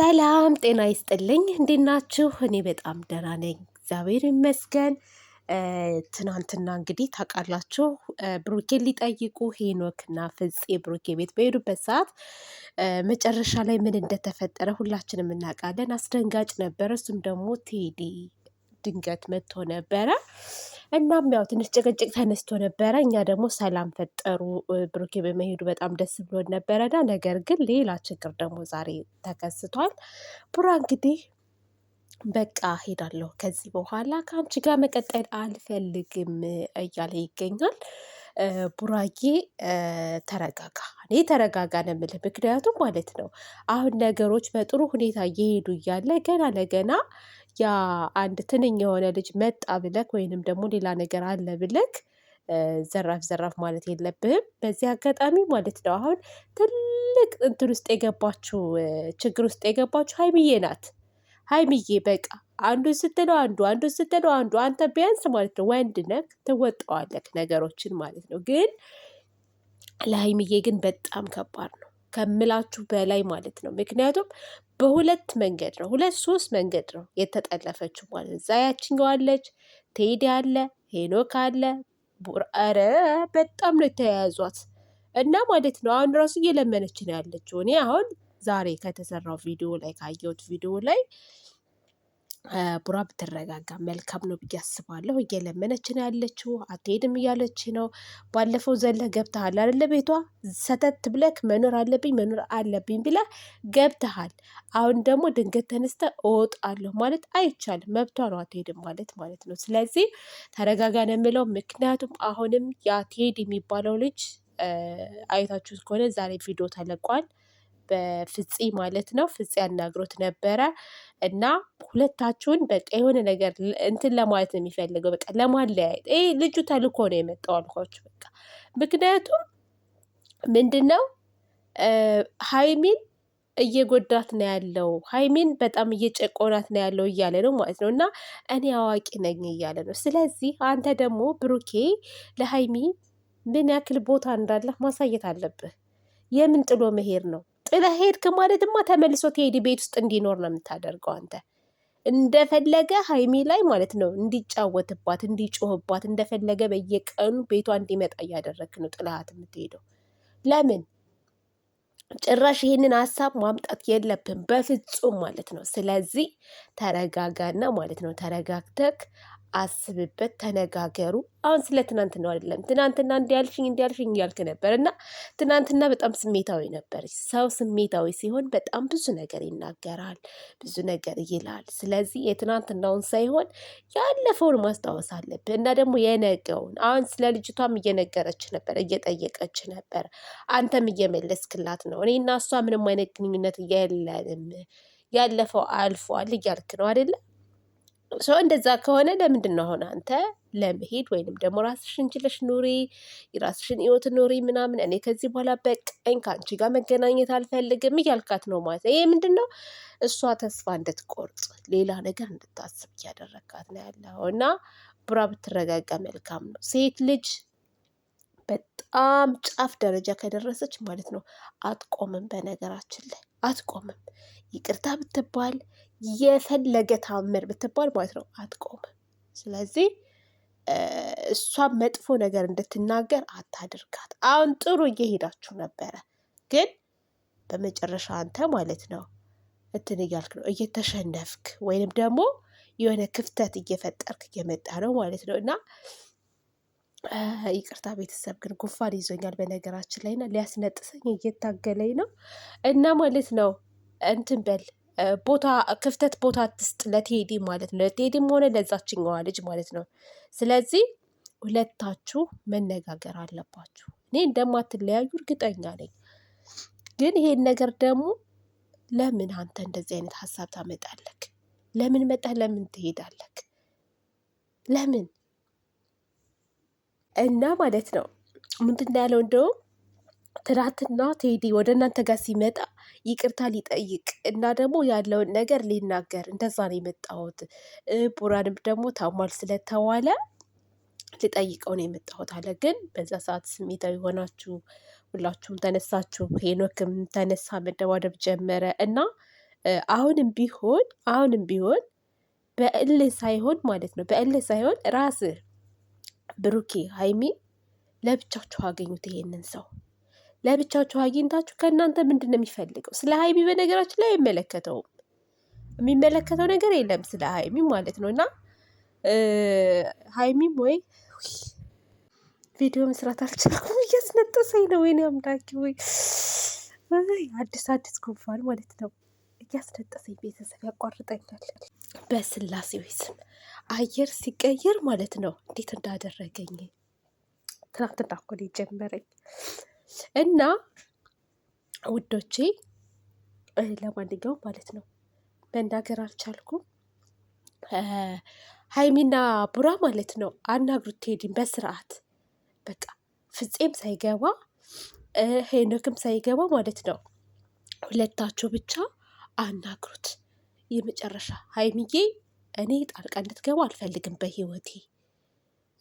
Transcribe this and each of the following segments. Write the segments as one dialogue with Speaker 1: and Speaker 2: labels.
Speaker 1: ሰላም ጤና ይስጥልኝ። እንዴት ናችሁ? እኔ በጣም ደህና ነኝ፣ እግዚአብሔር ይመስገን። ትናንትና እንግዲህ ታውቃላችሁ ብሩኬን ሊጠይቁ ሄኖክና ፍፄ ብሩኬ ቤት በሄዱበት ሰዓት መጨረሻ ላይ ምን እንደተፈጠረ ሁላችንም እናውቃለን። አስደንጋጭ ነበረ። እሱም ደግሞ ቴዲ ድንገት መጥቶ ነበረ። እናም ያው ትንሽ ጭቅጭቅ ተነስቶ ነበረ። እኛ ደግሞ ሰላም ፈጠሩ። ብሩኬ በመሄዱ በጣም ደስ ብሎን ነበረና ነገር ግን ሌላ ችግር ደግሞ ዛሬ ተከስቷል። ቡራ እንግዲህ በቃ ሄዳለሁ ከዚህ በኋላ ከአንቺ ጋር መቀጠል አልፈልግም እያለ ይገኛል። ቡራዬ ተረጋጋ፣ እኔ ተረጋጋ ነው የምልህ። ምክንያቱም ማለት ነው አሁን ነገሮች በጥሩ ሁኔታ እየሄዱ እያለ ገና ለገና ያ አንድ ትንኝ የሆነ ልጅ መጣ ብለክ ወይንም ደግሞ ሌላ ነገር አለ ብለክ ዘራፍ ዘራፍ ማለት የለብህም። በዚህ አጋጣሚ ማለት ነው አሁን ትልቅ እንትን ውስጥ የገባችሁ ችግር ውስጥ የገባችሁ ሀይሚዬ ናት። ሀይሚዬ በቃ አንዱን ስትለው አንዱ አንዱን ስትለው አንዱ አንተ ቢያንስ ማለት ነው ወንድ ነክ ትወጠዋለክ ነገሮችን ማለት ነው። ግን ለሀይሚዬ ግን በጣም ከባድ ነው ከምላችሁ በላይ ማለት ነው። ምክንያቱም በሁለት መንገድ ነው፣ ሁለት ሶስት መንገድ ነው የተጠለፈችው ማለት እዛ ያችኛው አለች፣ ቴዲ አለ፣ ሄኖክ አለ። ኧረ በጣም ነው የተያያዟት እና ማለት ነው አሁን ራሱ እየለመነች ነው ያለችው። እኔ አሁን ዛሬ ከተሰራው ቪዲዮ ላይ ካየሁት ቪዲዮ ላይ ቡራ ብትረጋጋ መልካም ነው ብዬ አስባለሁ። እየለመነች ነው ያለችው፣ አትሄድም እያለች ነው። ባለፈው ዘለህ ገብተሃል አይደለ? ቤቷ ሰተት ብለክ መኖር አለብኝ መኖር አለብኝ ብላ ገብተሃል። አሁን ደግሞ ድንገት ተነስተ እወጣለሁ ማለት አይቻልም። መብቷ ነው አትሄድም ማለት ማለት ነው። ስለዚህ ተረጋጋ ነው የምለው። ምክንያቱም አሁንም የአትሄድ የሚባለው ልጅ አይታችሁት ከሆነ ዛሬ ቪዲዮ ተለቋል። በፍፂ ማለት ነው ፍፄ አናግሮት ነበረ። እና ሁለታችሁን በቃ የሆነ ነገር እንትን ለማለት ነው የሚፈልገው በቃ ለማለያየት ይ ልጁ ተልኮ ነው የመጣው አልኳችሁ። በቃ ምክንያቱም ምንድነው ሀይሚን እየጎዳት ነው ያለው ሀይሚን በጣም እየጨቆናት ነው ያለው እያለ ነው ማለት ነው። እና እኔ አዋቂ ነኝ እያለ ነው። ስለዚህ አንተ ደግሞ ብሩኬ ለሀይሚ ምን ያክል ቦታ እንዳለህ ማሳየት አለብህ። የምን ጥሎ መሄድ ነው? ጥለህ ሄድክ ማለትማ ተመልሶ ትሄድ ቤት ውስጥ እንዲኖር ነው የምታደርገው አንተ እንደፈለገ ሀይሚ ላይ ማለት ነው እንዲጫወትባት እንዲጮህባት እንደፈለገ በየቀኑ ቤቷ እንዲመጣ እያደረግክ ነው ጥላሃት የምትሄደው ለምን ጭራሽ ይህንን ሀሳብ ማምጣት የለብን በፍጹም ማለት ነው ስለዚህ ተረጋጋና ማለት ነው ተረጋግተክ አስብበት፣ ተነጋገሩ። አሁን ስለ ትናንት ነው አይደለም። ትናንትና እንዲያልሽኝ እንዲያልሽኝ እያልክ ነበር እና ትናንትና በጣም ስሜታዊ ነበር። ሰው ስሜታዊ ሲሆን በጣም ብዙ ነገር ይናገራል፣ ብዙ ነገር ይላል። ስለዚህ የትናንትናውን ሳይሆን ያለፈውን ማስታወስ አለብህ እና ደግሞ የነገውን። አሁን ስለ ልጅቷም እየነገረች ነበር፣ እየጠየቀች ነበር፣ አንተም እየመለስክላት ነው። እኔ እና እሷ ምንም አይነት ግንኙነት የለንም፣ ያለፈው አልፏል እያልክ ነው አይደለም ሰው እንደዛ ከሆነ ለምንድን ነው አሁን አንተ ለመሄድ ወይንም ደግሞ ራስሽን ችለሽ ኑሪ የራስሽን ህይወት ኑሪ ምናምን እኔ ከዚህ በኋላ በቀኝ ከአንቺ ጋር መገናኘት አልፈልግም እያልካት ነው ማለት ነው። ይሄ ምንድን ነው? እሷ ተስፋ እንድትቆርጥ ሌላ ነገር እንድታስብ እያደረግካት ነው ያለው እና ቡራ ብትረጋጋ መልካም ነው። ሴት ልጅ በጣም ጫፍ ደረጃ ከደረሰች ማለት ነው አትቆምም። በነገራችን ላይ አትቆምም። ይቅርታ ብትባል የፈለገ ታምር ብትባል ማለት ነው አትቆም። ስለዚህ እሷ መጥፎ ነገር እንድትናገር አታድርጋት። አሁን ጥሩ እየሄዳችሁ ነበረ፣ ግን በመጨረሻ አንተ ማለት ነው እንትን እያልክ ነው እየተሸነፍክ፣ ወይንም ደግሞ የሆነ ክፍተት እየፈጠርክ እየመጣ ነው ማለት ነው እና ይቅርታ ቤተሰብ ግን ጉንፋን ይዞኛል በነገራችን ላይ እና ሊያስነጥሰኝ እየታገለኝ ነው እና ማለት ነው እንትን በል ቦታ ክፍተት ቦታ ስጥ ለቴዲ ማለት ነው። ለቴዲም ሆነ ለዛችኛዋ ልጅ ማለት ነው። ስለዚህ ሁለታችሁ መነጋገር አለባችሁ። እኔ እንደማትለያዩ እርግጠኛ ነኝ። ግን ይሄን ነገር ደግሞ ለምን አንተ እንደዚህ አይነት ሀሳብ ታመጣለክ? ለምን መጠህ ለምን ትሄዳለክ? ለምን እና ማለት ነው ምንድን ያለው እንደውም ትናንትና ቴዲ ወደ እናንተ ጋር ሲመጣ ይቅርታ ሊጠይቅ እና ደግሞ ያለውን ነገር ሊናገር እንደዛ ነው የመጣሁት። ቡራንም ደግሞ ታሟል ስለተባለ ልጠይቀው ነው የመጣሁት አለ። ግን በዛ ሰዓት ስሜታዊ ሆናችሁ ሁላችሁም ተነሳችሁ፣ ሄኖክም ተነሳ መደባደብ ጀመረ እና አሁንም ቢሆን አሁንም ቢሆን በእልህ ሳይሆን ማለት ነው በእልህ ሳይሆን ራስህ ብሩኬ፣ ሀይሚ ለብቻችሁ አገኙት ይሄንን ሰው ለብቻችሁ አግኝታችሁ ከእናንተ ምንድን ነው የሚፈልገው? ስለ ሀይሚ በነገራችን ላይ አይመለከተውም። የሚመለከተው ነገር የለም ስለ ሀይሚ ማለት ነው። እና ሀይሚም ወይ ቪዲዮ መስራት አልችልኩም፣ እያስነጠሰኝ ነው። ወይኔ አምላኬ፣ ወይ አዲስ አዲስ ጉንፋን ማለት ነው። እያስነጠሰኝ ቤተሰብ ያቋርጠኛል። በስላሴ ወይስም ስም አየር ሲቀየር ማለት ነው እንዴት እንዳደረገኝ ትናንትና እኮ ነው የጀመረኝ። እና ውዶቼ ለማንኛውም ማለት ነው መናገር አልቻልኩም። ሀይሚና ቡራ ማለት ነው አናግሩት ቴዲን በስርዓት በቃ ፍፄም ሳይገባ ሄኖክም ሳይገባ ማለት ነው ሁለታችሁ ብቻ አናግሩት። የመጨረሻ ሀይሚዬ እኔ ጣልቃ እንድትገባ አልፈልግም በህይወቴ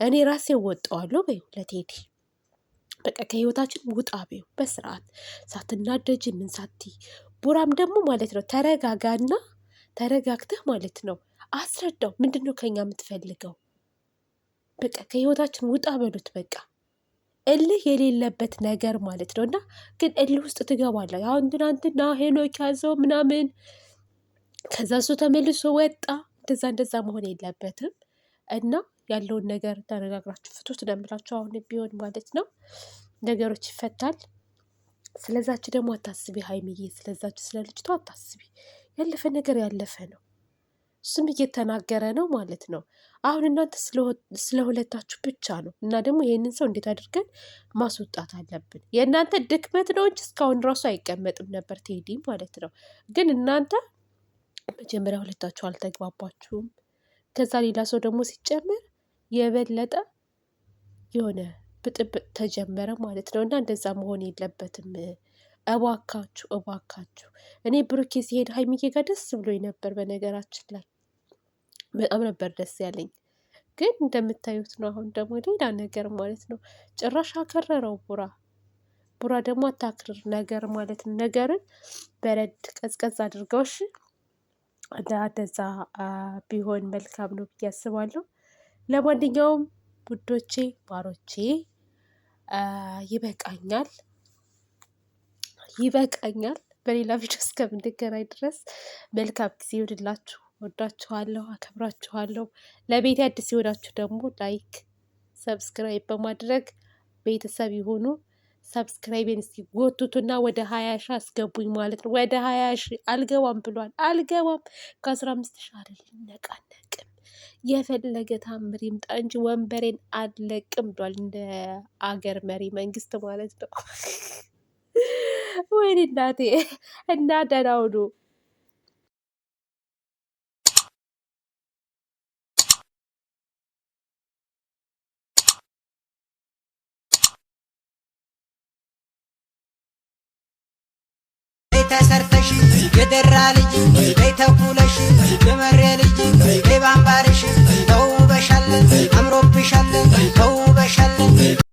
Speaker 1: እኔ ራሴ ወጠዋለሁ በይ ለቴዲ በቃ ከህይወታችን ውጣ በይው በስርዓት ሳትናደጅ ምን ሳቲ። ቡራም ደግሞ ማለት ነው ተረጋጋና ተረጋግተህ ማለት ነው አስረዳው። ምንድን ነው ከኛ የምትፈልገው? በቃ ከህይወታችን ውጣ በሉት። በቃ እልህ የሌለበት ነገር ማለት ነው። እና ግን እልህ ውስጥ ትገባለህ። አሁን ትናንትና ሄኖክ ያዘው ምናምን፣ ከዛ እሱ ተመልሶ ወጣ። እንደዛ እንደዛ መሆን የለበትም እና ያለውን ነገር ተነጋግራችሁ ፍቱት ነው የምላችሁ። ቢሆን ማለት ነው ነገሮች ይፈታል። ስለዛች ደግሞ አታስቢ ሀይሚዬ፣ ስለዛች ስለ ልጅቷ አታስቢ። ያለፈ ነገር ያለፈ ነው። እሱም እየተናገረ ነው ማለት ነው። አሁን እናንተ ስለ ሁለታችሁ ብቻ ነው እና ደግሞ ይህንን ሰው እንዴት አድርገን ማስወጣት አለብን። የእናንተ ድክመት ነው እንጂ እስካሁን ራሱ አይቀመጥም ነበር ቴዲ ማለት ነው። ግን እናንተ መጀመሪያ ሁለታችሁ አልተግባባችሁም። ከዛ ሌላ ሰው ደግሞ ሲጨመር የበለጠ የሆነ ብጥብጥ ተጀመረ ማለት ነው። እና እንደዛ መሆን የለበትም። እባካችሁ እባካችሁ እኔ ብሩኬ ሲሄድ ሀይሚዬ ጋር ደስ ብሎኝ ነበር። በነገራችን ላይ በጣም ነበር ደስ ያለኝ። ግን እንደምታዩት ነው። አሁን ደግሞ ሌላ ነገር ማለት ነው። ጭራሽ አከረረው ቡራ ቡራ ደግሞ አታክርር ነገር ማለት ነው። ነገርን በረድ ቀዝቀዝ አድርገውሽ እንደዛ ቢሆን መልካም ነው ብዬ አስባለሁ። ለማንኛውም ውዶቼ ባሮቼ ይበቃኛል ይበቃኛል። በሌላ ቪዲዮ እስከምንገናኝ ድረስ መልካም ጊዜ ይሆንላችሁ። ወዳችኋለሁ፣ አከብራችኋለሁ። ለቤት አዲስ የሆናችሁ ደግሞ ላይክ፣ ሰብስክራይብ በማድረግ ቤተሰብ የሆኑ ሰብስክራይቤን እስኪ ጎትቱና ወደ ሀያ ሺ አስገቡኝ ማለት ነው። ወደ ሀያ ሺ አልገባም ብሏል። አልገባም ከአስራ አምስት ሺ አይደል ነቃነቅም የፈለገ ታምር ይምጣ እንጂ ወንበሬን አለቅም ብሏል። እንደ አገር መሪ መንግስት ማለት ነው። ወይኔ እናቴ እና ደህና ሁኑ። ተሰርተሽ የደራ ልጅ ተኩለሽ የባንባርሽን ተውበሻለን አምሮብሻለን ተውበሻለን